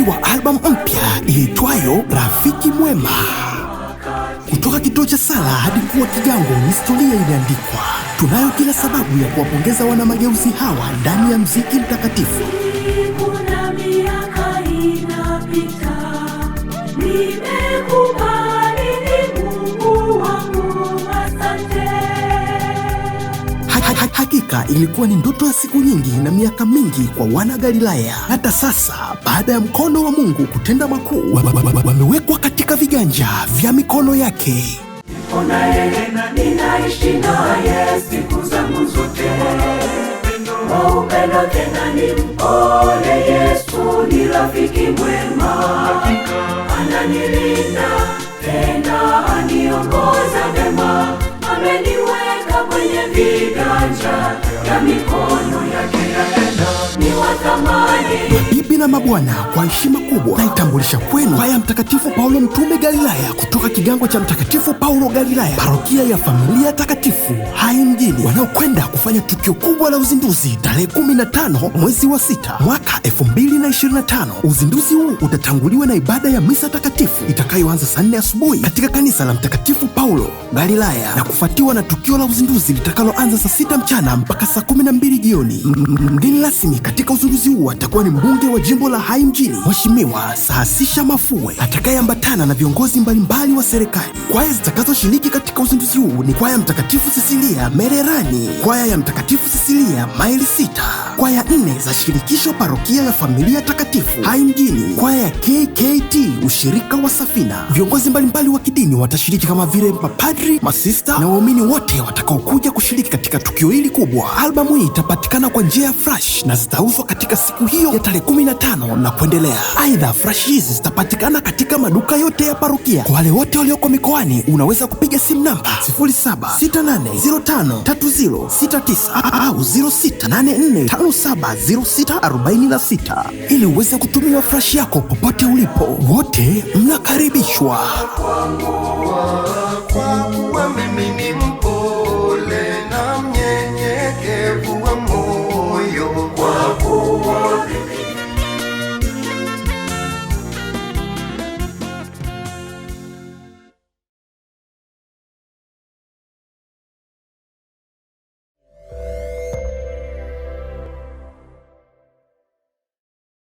uzinduzi wa albamu mpya iitwayo Rafiki Mwema. Kutoka kituo cha sala hadi kuwa kigango, historia iliandikwa. Tunayo kila sababu ya kuwapongeza wanamageuzi hawa ndani ya mziki mtakatifu. ilikuwa ni ndoto ya siku nyingi na miaka mingi kwa wana Galilaya. Hata sasa baada ya mkono wa Mungu kutenda makuu, wamewekwa katika viganja vya mikono yake. Ona yeye na ninaishi naye siku zangu zote, wa upendo tena ni mpole. Yesu ni rafiki mwema, ananilinda tena aniongoza vema, ameniwe na Bibi na mabwana, kwa heshima kubwa naitambulisha kwenu haya Mtakatifu Paulo mtume Galilaya, kutoka kigango cha Mtakatifu Paulo Galilaya, parokia ya Familia Takatifu wanaokwenda kufanya tukio kubwa la uzinduzi tarehe tano mwezi wa sita mwaka tano. Uzinduzi huu utatanguliwa na ibada ya misa takatifu itakayoanza saa nne asubuhi katika kanisa la Mtakatifu Paulo Galilaya na kufuatiwa na tukio la uzinduzi litakaloanza saa sita mchana mpaka saa mbili jioni. Mgeni rasmi katika uzinduzi huu atakuwa ni mbunge wa jimbo la Hai mjini Mheshimiwa Sahasisha mafue atakayeambatana na viongozi mbalimbali wa serikali. Kwaya zitakazoshiriki katika uzinduzi huu ni kwaya Mtakatifu Sisilia Mererani ni kwaya ya Mtakatifu Sisilia maili sita, kwaya nne za shirikisho parokia ya familia takatifu hai mjini, kwaya ya KKT ushirika wa Safina. Viongozi mbalimbali wa kidini watashiriki kama vile mapadri, masista na waumini wote watakaokuja kushiriki katika tukio hili kubwa. Albamu hii itapatikana kwa njia ya fresh na zitauzwa katika siku hiyo ya tarehe 15 na kuendelea. Aidha, fresh hizi zitapatikana katika maduka yote ya parokia. Kwa wale wote walioko mikoani, unaweza kupiga simu namba 30 069 au 0684570646 ili uweze kutumiwa fresh yako popote ulipo. Wote mnakaribishwa.